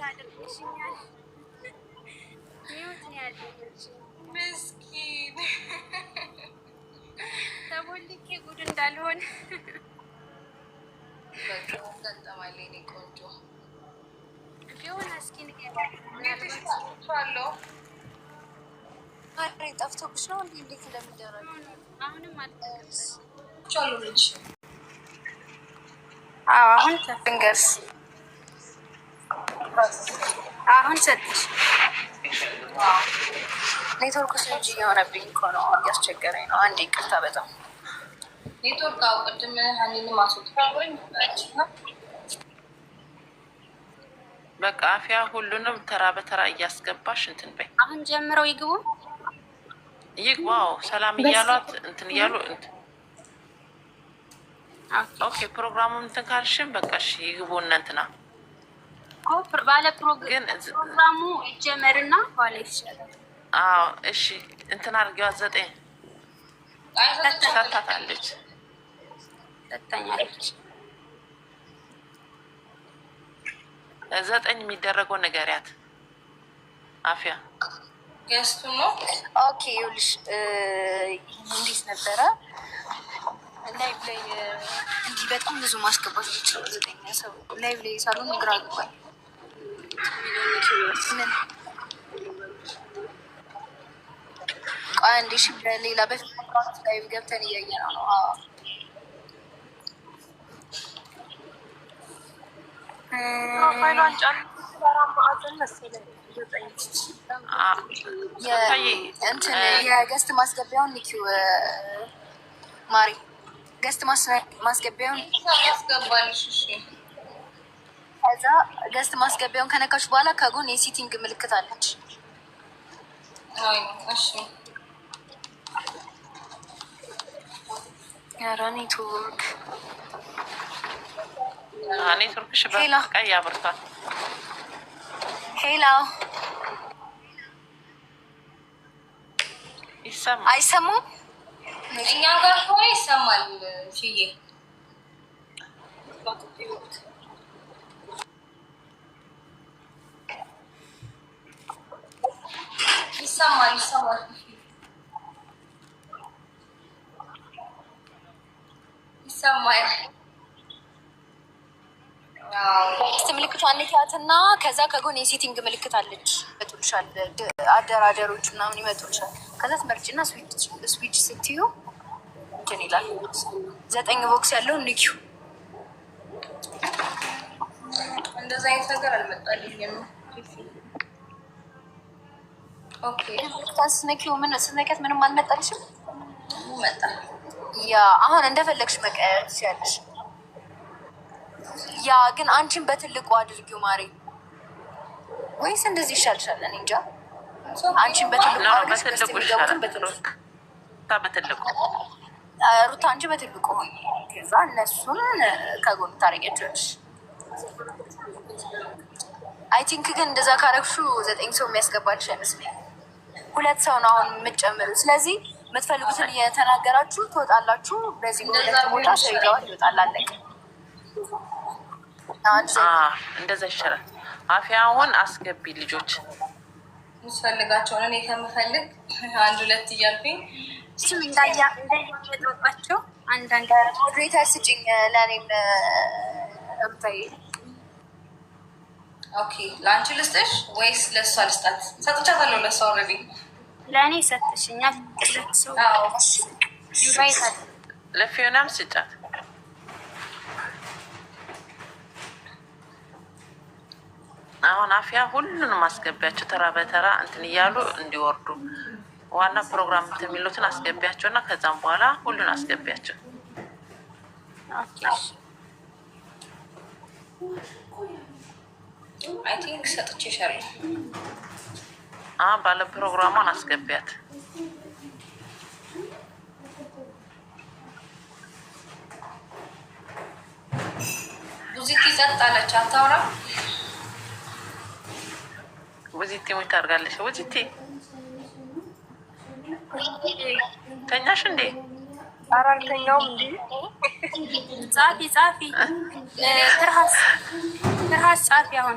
ታደርግሽኛል። ህይወት ነው ያለች ምስኪን ተቦልኬ ጉድ እንዳልሆን ገጠማለኝ። ቆንጆ ቢሆን እስኪ ንገሪያለሁ። ጠፍቶብሽ ነው እንዴ? እንዴት እንደሚደረግ አሁንም አሁን አሁን ሰጥሽ ኔትወርኩ ስንጂ የሆነብኝ እኮ ነው እያስቸገረኝ ነው። አንዴ ይቅርታ። በጣም ኔትወርክ አው ቅድም ሀኒን ማስወጥ በቃ አፍያ ሁሉንም ተራ በተራ እያስገባሽ እንትን በይ። አሁን ጀምረው ይግቡ ይግባው ሰላም እያሏት እንትን እያሉ ኦኬ ፕሮግራሙም እንትን ካልሽም በቃ ይግቡ እነ እንትና ባለ ፕሮግራሙ ይጀመርና ባለ ይሻላል። አዎ እሺ፣ እንትን አድርጌዋ ዘጠኝ ታታታለች ተኛለች። ዘጠኝ የሚደረገው ንገሪያት አፍያ ገስቱ ነው። ኦኬ ይኸውልሽ፣ እንዴት ነበረ ላይቭ ላይ እንዲህ በጣም ብዙ ማስገባት ይችላል። ሰው ላይቭ ላይ ሳልሆን ግራ ገባኝ። አንዴሽ በሌላ በፊት ላይ ገብተን እያየ ነው። የገስት ማስገቢያውን ኒኪው ማሪ ገስት ማስገቢያውን ያስገባልሽ ከዛ ገስት ማስገቢያውን ከነካች በኋላ ከጎን የሲቲንግ ምልክት አለች። ኔትወርክ ኔትወርክሽ በቀይ ያብርቷል። ሄላው አይሰማም። እኛ ጋር ከሆነ ይሰማል። ይሰማል ይሰማል። ከዛ ከጎን የሴቲንግ ምልክት አለች። ይመጡልሻል አደራደሮች ምናምን ይመጡልሻል። ከዛ ትመርጭና ስዊች ስትዩ እንትን ይላል። ዘጠኝ ቦክስ ያለው ንኪው። እንደዛ አይነት ነገር አልመጣልኝም። ስትነኪው ምን ስትነኪያት ምንም አልመጣልሽም? ያ አሁን እንደፈለግሽ መቀየር ትችያለሽ። ያ ግን አንቺን በትልቁ አድርጊው ማሪ፣ ወይስ እንደዚህ ይሻልሻል? እንጃ። አንቺን በትልቁ በትልቁ ሩታ፣ አንቺ በትልቁ ሆኝ፣ ከዛ እነሱን ከጎን ታደርጊያቸዋለሽ። አይ ቲንክ ግን እንደዛ ካረግሹ ዘጠኝ ሰው የሚያስገባልሽ አይመስለኝ ሁለት ሰው ነው አሁን የምጨምር። ስለዚህ የምትፈልጉትን እየተናገራችሁ ትወጣላችሁ። በዚህ ሁለት ቦታ ሰው ይዘዋል ይወጣል። አለቀ። እንደዛ ይሻላል። አፊያውን አስገቢ ልጆች ምትፈልጋቸውን እኔ ከምፈልግ አንድ ሁለት እያልኩኝ እሱም እንዳያጠባቸው አንዳንድ ሞዴሬተር ስጭኝ ለእኔም እምታይ ኦኬ ለአንቺ ልስጥሽ ወይስ ለእሷ ልስጣት? ሰጥቻታለሁ ለእሷ ኦልሬዲ ለእኔ ሰጥሽኛል። ለፊዮናም ስጫት። አሁን አፍያ ሁሉንም አስገቢያቸው ተራ በተራ እንትን እያሉ እንዲወርዱ ዋና ፕሮግራም የሚሉትን አስገቢያቸው እና ከዛም በኋላ ሁሉን አስገቢያቸው። አይ ቲንክ ባለ ፕሮግራሟን አስገቢያት። ውዚቲ ጸጥ አለች፣ አታውራም። ቡዚቲ ሙች ታርጋለች። ቡዚቲ ተኛሽ እንዴ? ኧረ አልተኛውም። እንዲ ጻፊ ጻፊ፣ ፍርሃስ ፍርሃስ ጻፊ አሁን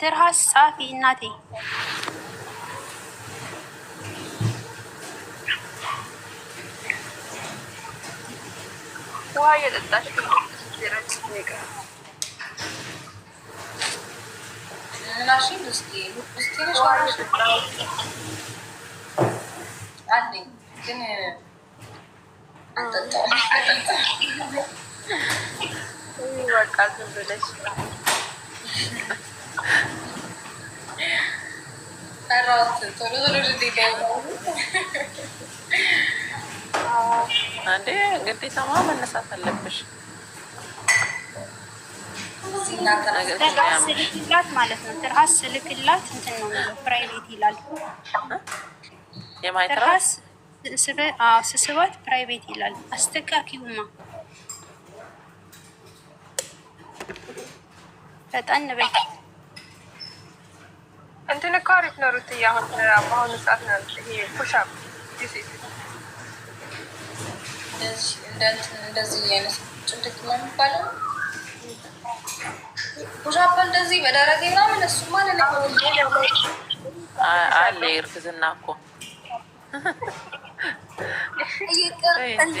ድርሃስ ጻፊ እናቴ ውሃ እየጠጣች ግን በቃ ዝም ብለሽ አንዴ ግዴታ መነሳት አለብሽ። ስልክላት ማለት ነው። ትርሃስ ስልክላት እንትን ነው የሚለው ፕራይቬት ይላል። ትርሃስ ስስባት ፕራይቬት ይላል። አስተካኪውማ ፈጠን በይ። እንትን እኮ አሪፍ ነው ሩትዬ፣ አሁን በአሁኑ ሰዓት ነው ይሄ ፑሽ አፕ እንደዚህ በደረገ ምናምን እሱ ማለት አለ እርግዝና እኮ እንዴ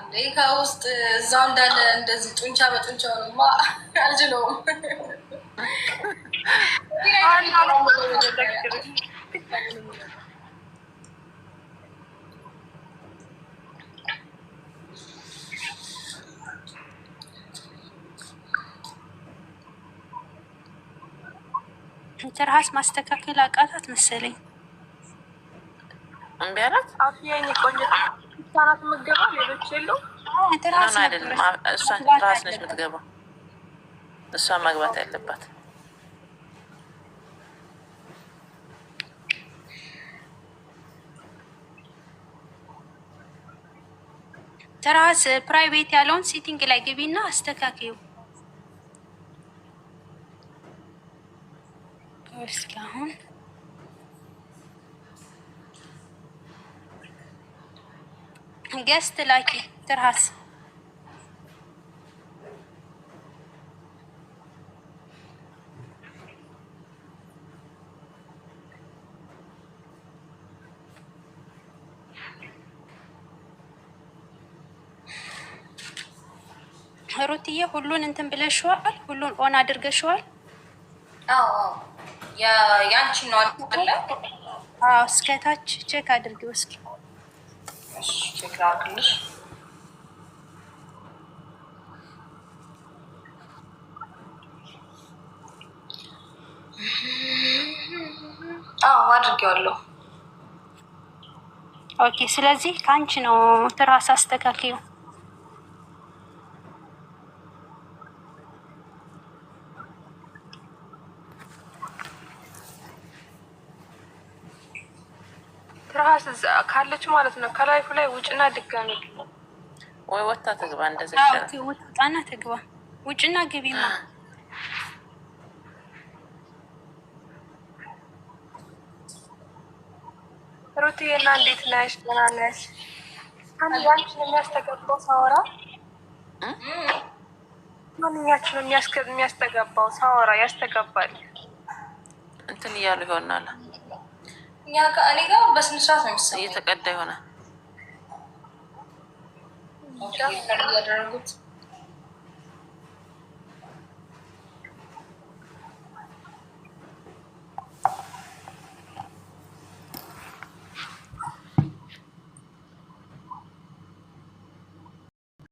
እንዴ ከውስጥ እዛው እንዳለ እንደዚህ ጡንቻ በጡንቻውንማ አልችለውም። ትርሃስ ማስተካከል አቃታት መሰለኝ። አላት። አፍያኝ ቆንጆ ናት የምትገባው፣ ሌሎች የለው አይደለም። ራስ ነች የምትገባው፣ እሷ መግባት ያለባት ትራስ ፕራይቬት ያለውን ሴቲንግ ላይ ግቢና አስተካክዩ። እስኪ አሁን ገስት ላኪ ትርሃስ ሩትዬ ሁሉን እንትን ብለሽዋል። ሁሉን ኦን አድርገሽዋል። ያንቺ ነው እስከታች ቼክ አድርጊው እስኪ ትንሽ ቼክ አድርጌዋለሁ። ኦኬ። ስለዚህ ከአንቺ ነው ትራስ አስተካክዩ ፍርሃት ካለች ማለት ነው ከላይፉ ላይ ውጭና ድጋሚ ወይ ወታ ተግባ እንደዚህጣና ወጣና ተግባ ውጭና ግቢማ ሩትዬና እንዴት ነሽ? ደህና ነሽ? ማንኛችን የሚያስተገባው ሳወራ ማንኛችን የሚያስተገባው ሳወራ ያስተገባል እንትን እያሉ ይሆናል እኛ እኔ ጋር በስነ ስርዓት ነው የሚሰማኝ። እየተቀዳ ይሆናል እያደረጉት